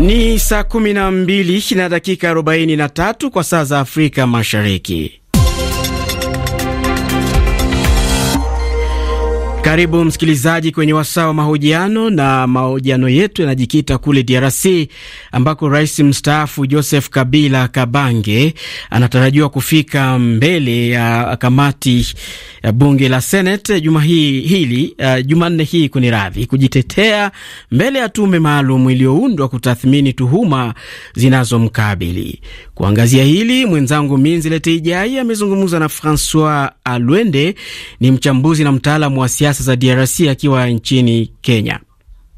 Ni saa 12 na dakika 43 kwa saa za Afrika Mashariki. Karibu msikilizaji kwenye wasaa wa mahojiano, na mahojiano yetu yanajikita kule DRC ambako rais mstaafu Joseph Kabila Kabange anatarajiwa kufika mbele ya kamati ya bunge la Senate juma hii hili uh, Jumanne hii radhi kujitetea mbele ya tume maalum iliyoundwa kutathmini tuhuma zinazomkabili. Kuangazia hili, mwenzangu Minzilete Ijai amezungumza na Francois Alwende, ni mchambuzi na mtaalamu wa siasa siasa za DRC akiwa nchini Kenya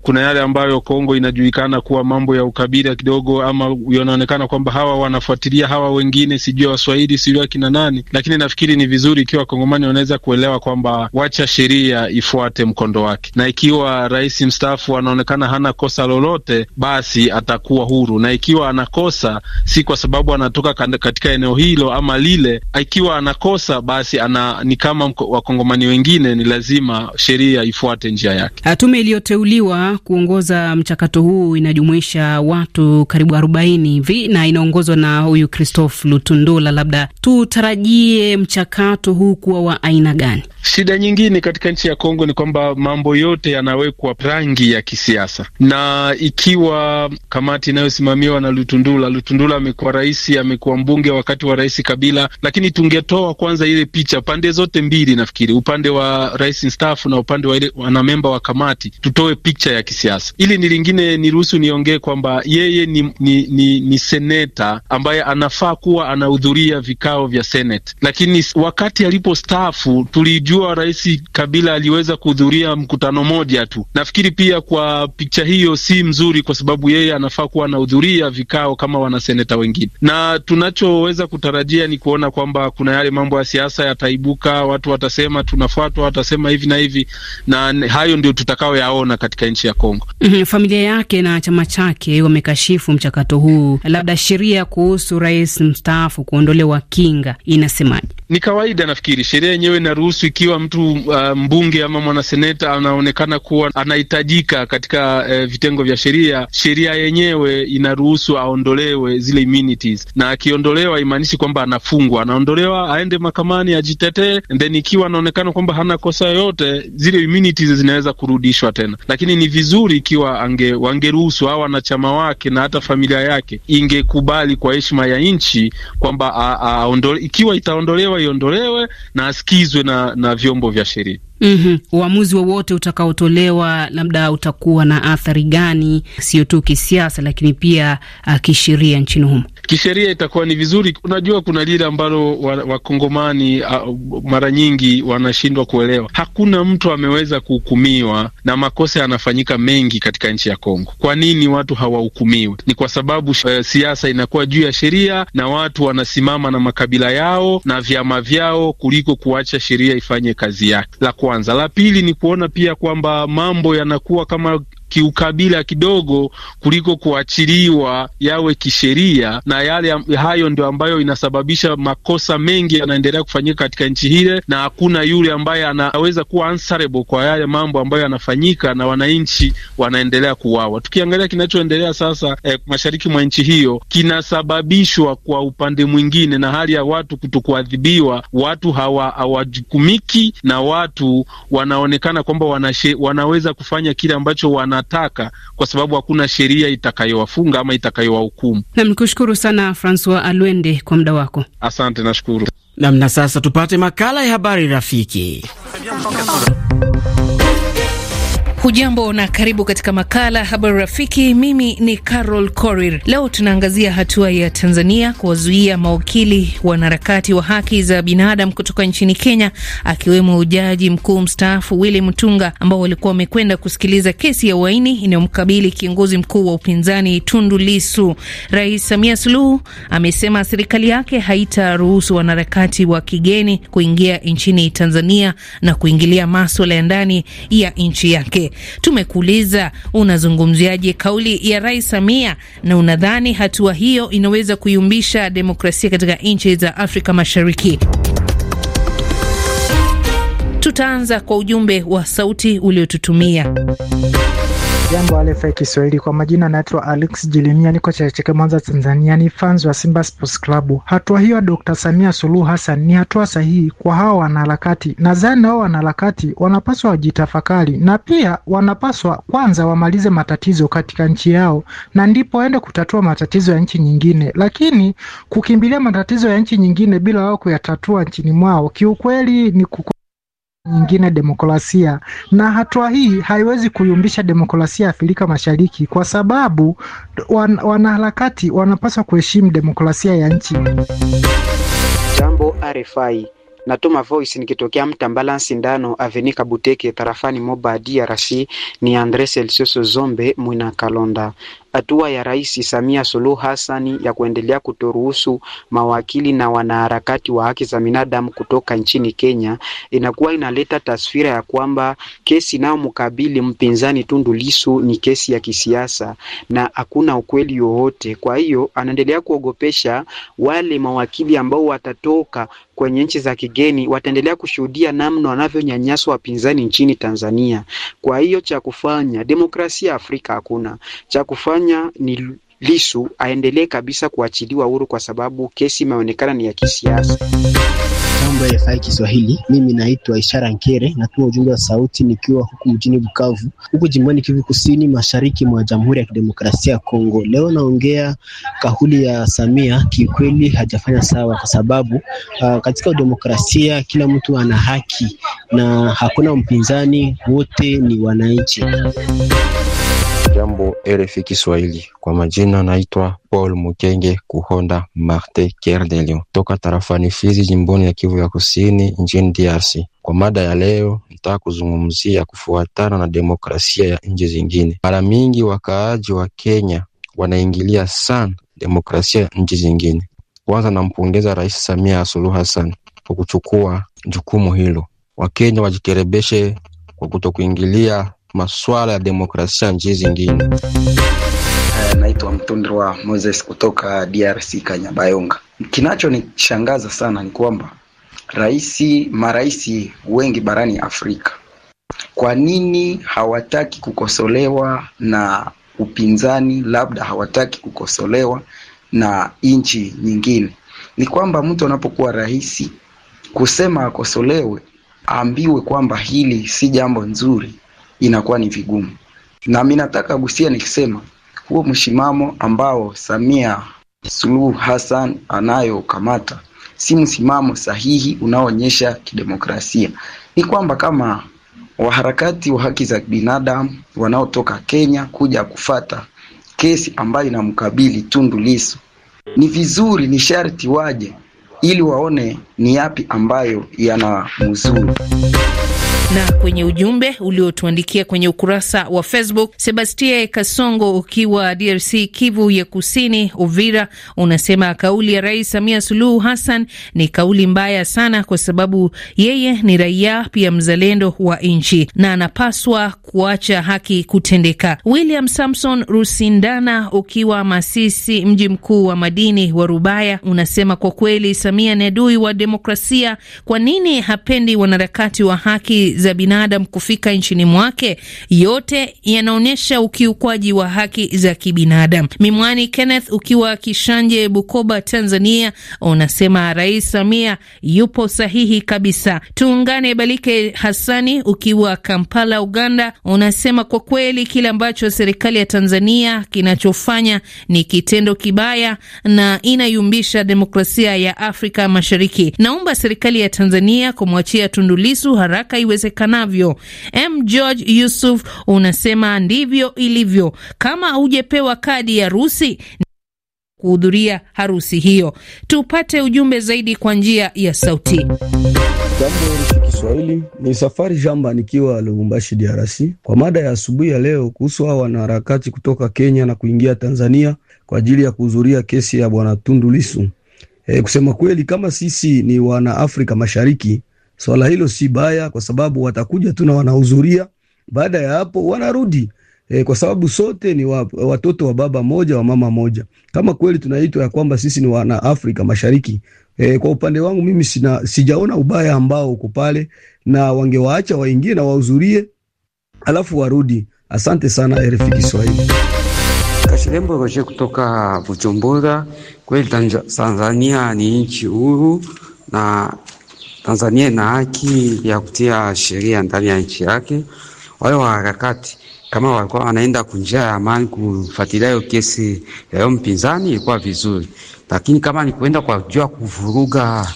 kuna yale ambayo Kongo inajulikana kuwa mambo ya ukabila kidogo, ama yanaonekana kwamba hawa wanafuatilia hawa wengine, sijui Waswahili, sijui akina nani, lakini nafikiri ni vizuri ikiwa Kongomani wanaweza kuelewa kwamba wacha sheria ifuate mkondo wake, na ikiwa rais mstaafu anaonekana hana kosa lolote, basi atakuwa huru, na ikiwa anakosa, si kwa sababu anatoka katika eneo hilo ama lile. Ikiwa anakosa, basi ana ni kama Wakongomani wengine, ni lazima sheria ifuate njia yake. Ah, tume iliyoteuliwa kuongoza mchakato huu inajumuisha watu karibu arobaini hivi na inaongozwa na huyu Christophe Lutundula. Labda tutarajie mchakato huu kuwa wa aina gani? Shida nyingine katika nchi ya Kongo ni kwamba mambo yote yanawekwa rangi ya kisiasa, na ikiwa kamati inayosimamiwa na Lutundula, Lutundula amekuwa rais, amekuwa mbunge wakati wa Rais Kabila, lakini tungetoa kwanza ile picha pande zote mbili, nafikiri upande wa rais mstaafu na upande wa ile wanamemba wa kamati, tutoe picha ya ya kisiasa. Ili ni lingine, niruhusu niongee kwamba yeye ni, ni, ni, ni seneta ambaye anafaa kuwa anahudhuria vikao vya Senate, lakini wakati alipostaafu tulijua Rais Kabila aliweza kuhudhuria mkutano moja tu. Nafikiri pia kwa picha hiyo si mzuri, kwa sababu yeye anafaa kuwa anahudhuria vikao kama wanaseneta wengine, na tunachoweza kutarajia ni kuona kwamba kuna yale mambo ya siasa yataibuka, watu watasema tunafuatwa, watasema hivi na hivi, na hayo ndio tutakaoyaona katika nchi ya Kongo. Mhm, familia yake na chama chake wamekashifu mchakato huu. Labda sheria kuhusu rais mstaafu kuondolewa kinga inasemaje? ni kawaida. Nafikiri sheria yenyewe inaruhusu ikiwa mtu uh, mbunge ama mwanaseneta anaonekana kuwa anahitajika katika uh, vitengo vya sheria, sheria yenyewe inaruhusu aondolewe zile immunities, na akiondolewa imaanishi kwamba anafungwa. Anaondolewa aende mahakamani ajitetee, then ikiwa anaonekana kwamba hana kosa yoyote, zile immunities zinaweza kurudishwa tena. Lakini ni vizuri ikiwa ange, wangeruhusu au wanachama wake na hata familia yake ingekubali kwa heshima ya nchi kwamba ikiwa itaondolewa iondolewe na asikizwe na, na vyombo vya sheria. Mm -hmm. Uamuzi wowote utakaotolewa labda utakuwa na athari gani, sio tu kisiasa, lakini pia uh, kisheria nchini humo? Kisheria itakuwa ni vizuri. Unajua, kuna lile ambalo wakongomani wa uh, mara nyingi wanashindwa kuelewa. Hakuna mtu ameweza kuhukumiwa na makosa yanafanyika mengi katika nchi ya Kongo. Kwa nini watu hawahukumiwi? Ni kwa sababu uh, siasa inakuwa juu ya sheria na watu wanasimama na makabila yao na vyama vyao kuliko kuacha sheria ifanye kazi yake la kwanza. La pili ni kuona pia kwamba mambo yanakuwa kama kiukabila kidogo kuliko kuachiliwa yawe kisheria, na yale hayo ndio ambayo inasababisha makosa mengi yanaendelea kufanyika katika nchi hile, na hakuna yule ambaye anaweza kuwa answerable kwa yale mambo ambayo yanafanyika, na wananchi wanaendelea kuwawa. Tukiangalia kinachoendelea sasa eh, mashariki mwa nchi hiyo kinasababishwa kwa upande mwingine na hali ya watu kutokuadhibiwa. Watu hawajukumiki na watu wanaonekana kwamba wanaweza kufanya kile ambacho wana wanataka, kwa sababu hakuna sheria itakayowafunga ama itakayowahukumu. Nam nikushukuru sana Francois Alwende kwa muda wako, asante. Nashukuru nam. Na sasa tupate makala ya habari rafiki Hujambo na karibu katika makala habari rafiki. Mimi ni Carol Korir. Leo tunaangazia hatua ya Tanzania kuwazuia mawakili wanaharakati wa haki za binadamu kutoka nchini Kenya, akiwemo jaji mkuu mstaafu Willy Mutunga, ambao walikuwa wamekwenda kusikiliza kesi ya uhaini inayomkabili kiongozi mkuu wa upinzani Tundu Lisu. Rais Samia Suluhu amesema serikali yake haitaruhusu wanaharakati wa kigeni kuingia nchini Tanzania na kuingilia maswala ya ndani ya nchi yake. Tumekuuliza, unazungumziaje kauli ya Rais Samia na unadhani hatua hiyo inaweza kuyumbisha demokrasia katika nchi za Afrika Mashariki? Tutaanza kwa ujumbe wa sauti uliotutumia. Jambo alefa Kiswahili, kwa majina naitwa Alex Jilimia, niko Chakecheke, Mwanza, Tanzania, ni fans wa Simba Sports Club. Hatua hiyo Dr. Samia Suluhu Hassan ni hatua sahihi kwa hawa wanaharakati. Nadhani hao wanaharakati wanapaswa wajitafakari, na pia wanapaswa kwanza wamalize matatizo katika nchi yao, na ndipo waende kutatua matatizo ya nchi nyingine. Lakini kukimbilia matatizo ya nchi nyingine bila wao kuyatatua nchini mwao, kiukweli ni kuku nyingine demokrasia, na hatua hii haiwezi kuyumbisha demokrasia ya Afrika Mashariki kwa sababu wan, wanaharakati wanapaswa kuheshimu demokrasia ya nchi. Jambo RFI, natuma voice nikitokea Mtambala Sindano Avenika Buteke tarafani Moba DRC. Ni Andre Celsius Zombe Mwina Kalonda. Hatua ya Rais Samia Suluhu Hassan ya kuendelea kutoruhusu mawakili na wanaharakati wa haki za binadamu kutoka nchini Kenya inakuwa inaleta taswira ya kwamba kesi inayomkabili mpinzani Tundu Lisu ni kesi ya kisiasa na hakuna ukweli wowote. Kwa hiyo anaendelea kuogopesha wale mawakili ambao watatoka kwenye nchi za kigeni wataendelea kushuhudia namna wanavyonyanyaswa wapinzani nchini Tanzania. Kwa hiyo cha kufanya, demokrasia Afrika hakuna cha kufanya kufanya ni Lisu aendelee kabisa kuachiliwa huru kwa sababu kesi imeonekana ni ya kisiasa. ya RFI Kiswahili, mimi naitwa Ishara Nkere, natuma ujumbe wa sauti nikiwa huku mjini Bukavu, huku jimboni Kivu Kusini, mashariki mwa Jamhuri ya Kidemokrasia ya Kongo. Leo naongea kauli ya Samia, kiukweli hajafanya sawa, kwa sababu uh, katika demokrasia kila mtu ana haki na hakuna mpinzani, wote ni wananchi. Jambo RFI Kiswahili, kwa majina naitwa Paul Mukenge Kuhonda Marte Ker de Lion toka tarafani Fizi, jimboni ya Kivu ya Kusini, nchini DRC. Kwa mada ya leo, nitaka kuzungumzia kufuatana na demokrasia ya nchi zingine. Mara mingi wakaaji wa Kenya wanaingilia sana demokrasia ya nchi zingine. Kwanza nampongeza Rais Samia Suluhu Hassan kwa kuchukua jukumu hilo. Wakenya wajikerebeshe kwa kutokuingilia masuala ya demokrasia nchi zingine. Eh, naitwa wa Moses kutoka DRC Kanyabayonga. Kinachonishangaza sana ni kwamba rais maraisi wengi barani Afrika, kwa nini hawataki kukosolewa na upinzani? Labda hawataki kukosolewa na nchi nyingine. Ni kwamba mtu anapokuwa rahisi kusema akosolewe, aambiwe kwamba hili si jambo nzuri, inakuwa ni vigumu, na mimi nataka gusia nikisema huo msimamo ambao Samia Suluhu Hassan anayokamata si msimamo sahihi unaoonyesha kidemokrasia. Ni kwamba kama waharakati wa haki za binadamu wanaotoka Kenya kuja kufata kesi ambayo inamkabili Tundu Lissu, ni vizuri, ni sharti waje ili waone ni yapi ambayo yanamuzuru. Na kwenye ujumbe uliotuandikia kwenye ukurasa wa Facebook, Sebastie Kasongo ukiwa DRC Kivu ya Kusini, Uvira, unasema kauli ya Rais Samia Suluhu Hassan ni kauli mbaya sana, kwa sababu yeye ni raia pia mzalendo wa nchi na anapaswa kuacha haki kutendeka. William Samson Rusindana ukiwa Masisi, mji mkuu wa madini wa Rubaya, unasema kwa kweli Samia ni adui wa demokrasia. Kwa nini hapendi wanaharakati wa haki za binadamu kufika nchini mwake, yote yanaonyesha ukiukwaji wa haki za kibinadamu. Mimwani Kenneth ukiwa Kishanje, Bukoba, Tanzania, unasema Rais Samia yupo sahihi kabisa. Tuungane. Balike Hassani ukiwa Kampala, Uganda, unasema kwa kweli kile ambacho serikali ya Tanzania kinachofanya ni kitendo kibaya na inayumbisha demokrasia ya Afrika Mashariki. Naomba serikali ya Tanzania kumwachia Tundulisu haraka iweze iwezekanavyo. M George Yusuf unasema ndivyo ilivyo, kama hujepewa kadi ya rusi kuhudhuria harusi hiyo. Tupate ujumbe zaidi kwa njia ya sauti. Jambo Kiswahili ni safari jamba, nikiwa Lubumbashi DRC, kwa mada ya asubuhi ya leo kuhusu hawa wanaharakati kutoka Kenya na kuingia Tanzania kwa ajili ya kuhudhuria kesi ya bwana Tundu Lissu. E, kusema kweli kama sisi ni wana Afrika Mashariki Swala hilo si baya, kwa sababu watakuja tu na wanahudhuria, baada ya hapo wanarudi e, kwa sababu sote ni wa, watoto wa baba moja wa mama moja. Kama kweli tunaitwa ya kwamba sisi ni wana Afrika Mashariki e, kwa upande wangu mimi sina, sijaona ubaya ambao uko pale, na wangewaacha waingie na wahudhurie alafu warudi. Asante sana RFI Kiswahili. Kashilembo Roje kutoka Bujumbura. Kweli Tanzania ni nchi huru na Tanzania ina haki ya kutia sheria ndani ya nchi yake. Wale waharakati kama walikuwa wanaenda kunjia ya amani kufuatilia hiyo kesi ya hiyo mpinzani, ilikuwa vizuri, lakini kama ni kuenda kwa jua kuvuruga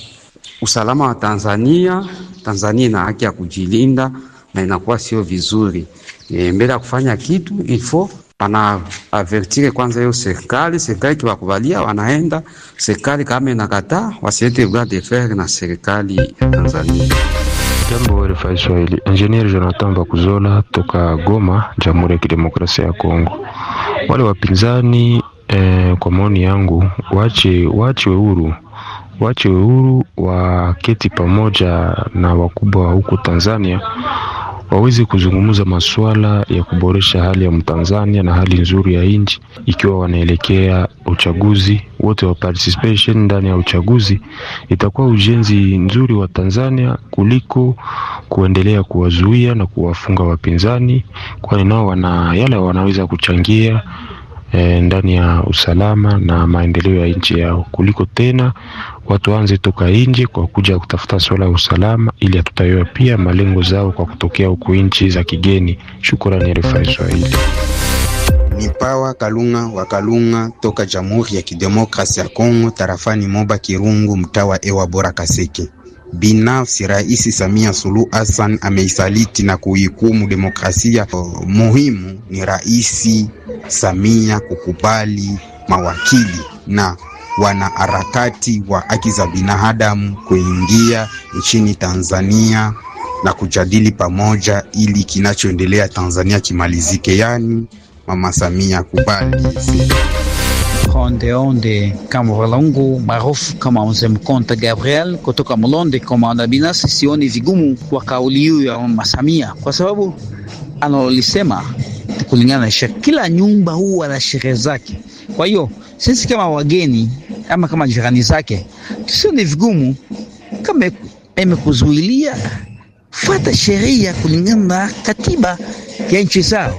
usalama wa Tanzania, Tanzania ina haki ya kujilinda na inakuwa sio vizuri. E, mbele ya kufanya kitu ifo Panaavertire kwanza hiyo serikali, serikali kiwakubalia wanaenda, serikali kama inakataa wasiete bras de fer na serikali ya Tanzania. Jambo RFI Kiswahili, Engineer Jonathan Bakuzola toka Goma, Jamhuri ya Kidemokrasia ya Kongo. Wale wapinzani eh, kwa maoni yangu wache wache uhuru wache wa waketi pamoja na wakubwa huko Tanzania waweze kuzungumza masuala ya kuboresha hali ya Mtanzania na hali nzuri ya nchi, ikiwa wanaelekea uchaguzi wote wa participation ndani ya uchaguzi, itakuwa ujenzi nzuri wa Tanzania kuliko kuendelea kuwazuia na kuwafunga wapinzani, kwani nao wana yale wanaweza kuchangia e, ndani ya usalama na maendeleo ya nchi yao, kuliko tena watu waanze toka nje kwa kuja kutafuta swala ya usalama, ili hatutawewa pia malengo zao kwa kutokea huku nchi za kigeni. Shukrani RFI Swahili. Ni Pawa Kalunga wa Kalunga toka Jamhuri ya Kidemokrasia ya Kongo, tarafani Moba Kirungu, mtaa wa Ewa Bora Kaseke binafsi Rais Samia Suluhu Hassan ameisaliti na kuihukumu demokrasia. Muhimu ni Rais Samia kukubali mawakili na wanaharakati wa haki za binadamu kuingia nchini Tanzania na kujadili pamoja ili kinachoendelea Tanzania kimalizike. Yaani Mama Samia kubali kama Kamvalongo maarufu kama Mzee Mkonta Gabriel kutoka Mlonde. Kwa maana binafsi sioni vigumu kwa kauli hiyo ya Mama Samia, kwa sababu analolisema kulingana na kila nyumba huwa na sherehe zake. Kwa hiyo sisi kama wageni ama kama jirani zake, tusione vigumu kama imekuzuilia fata sheria kulingana na katiba ya nchi zao.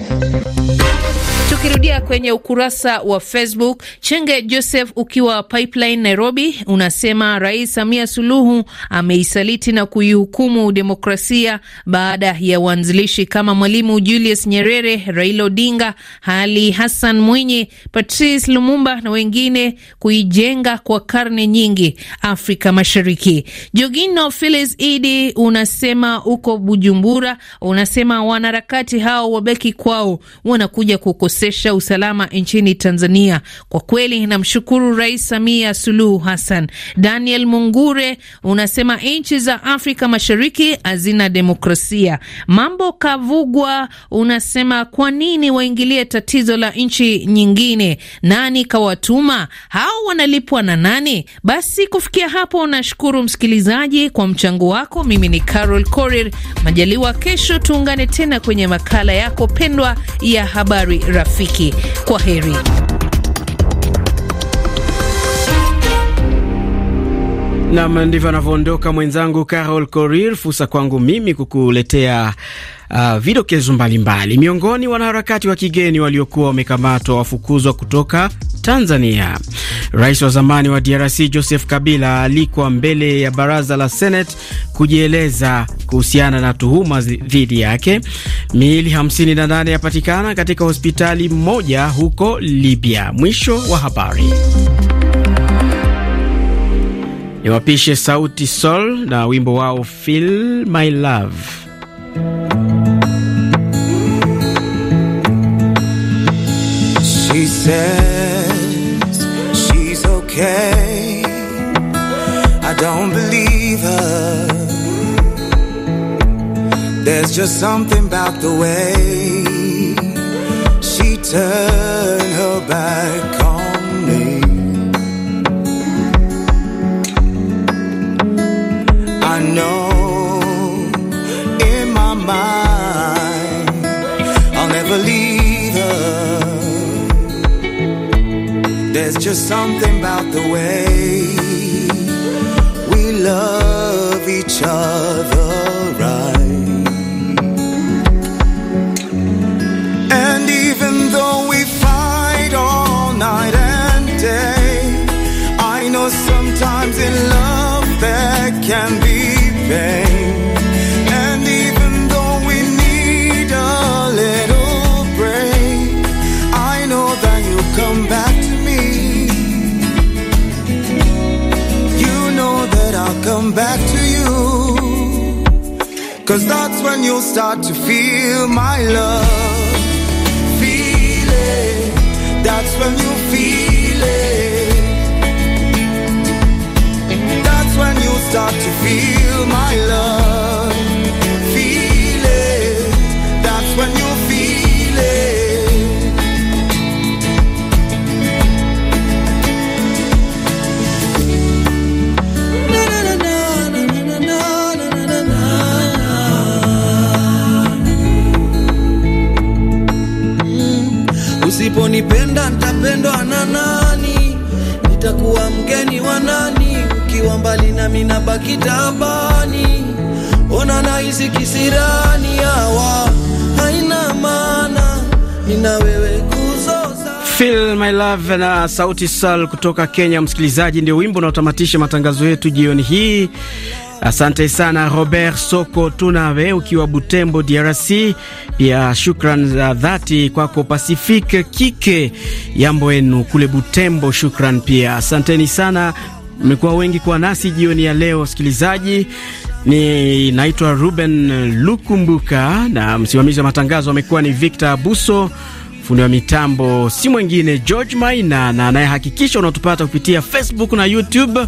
Tukirudia kwenye ukurasa wa Facebook, Chenge Joseph ukiwa Pipeline Nairobi unasema Rais Samia Suluhu ameisaliti na kuihukumu demokrasia baada ya waanzilishi kama Mwalimu Julius Nyerere, Raila Odinga, Ali Hassan Mwinyi, Patrice Lumumba na wengine kuijenga kwa karne nyingi Afrika Mashariki. Jogino Phyllis Idi unasema uko Bujumbura, unasema wanaharakati hao wabeki kwao, wanakuja kukosea kuwezesha usalama nchini Tanzania. Kwa kweli namshukuru Rais Samia Suluhu Hassan. Daniel Mungure unasema nchi za Afrika Mashariki hazina demokrasia. Mambo Kavugwa unasema kwa nini waingilie tatizo la nchi nyingine? Nani kawatuma hao? Wanalipwa na nani? Basi kufikia hapo, nashukuru msikilizaji kwa mchango wako. Mimi ni Carol Korir. Majaliwa kesho tuungane tena kwenye makala yako pendwa ya habari rafiki. Rafiki. Kwa heri. Nam, ndivyo anavyoondoka mwenzangu Carol Korir. Fursa kwangu mimi kukuletea uh, vidokezo mbalimbali. Miongoni wanaharakati wa kigeni waliokuwa wamekamatwa wafukuzwa kutoka Tanzania. Rais wa zamani wa DRC Joseph Kabila alikwa mbele ya baraza la Senate kujieleza kuhusiana na tuhuma dhidi yake. Miili 58 yapatikana katika hospitali moja huko Libya. Mwisho wa habari. niwapishe Sauti Sol na wimbo wao Feel My Love. She says she's okay. I don't believe her. There's just something about the way she turned her back There's just something about the way we love each other. one, you'll start to feel my love. Feel it, that's when you feel it. That's when you start to feel my love. Usiponipenda ntapendwa na nani? Nitakuwa mgeni wa nani? Ukiwa mbali nami nabaki tabani, ona nahisi kisirani, hawa haina maana, nina wewe Feel My Love na Sauti sal kutoka Kenya. Msikilizaji, ndio wimbo unaotamatisha matangazo yetu jioni hii. Asante sana Robert Soko Tunawe ukiwa Butembo, DRC. Pia shukran za dhati kwako pacific Kike Yambo yenu kule Butembo, shukran pia. Asanteni sana, mmekuwa wengi kwa nasi jioni ya leo, wasikilizaji. Ni naitwa Ruben Lukumbuka na msimamizi wa matangazo amekuwa ni Victor Buso. Fundi wa mitambo si mwingine George Maina, na anayehakikisha unatupata kupitia Facebook na YouTube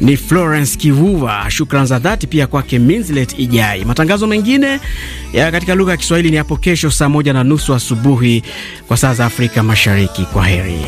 ni Florence Kivuva. shukran za dhati pia kwake Minslet Ijai. Matangazo mengine ya katika lugha ya Kiswahili ni hapo kesho saa moja na nusu asubuhi kwa saa za Afrika Mashariki. Kwa heri.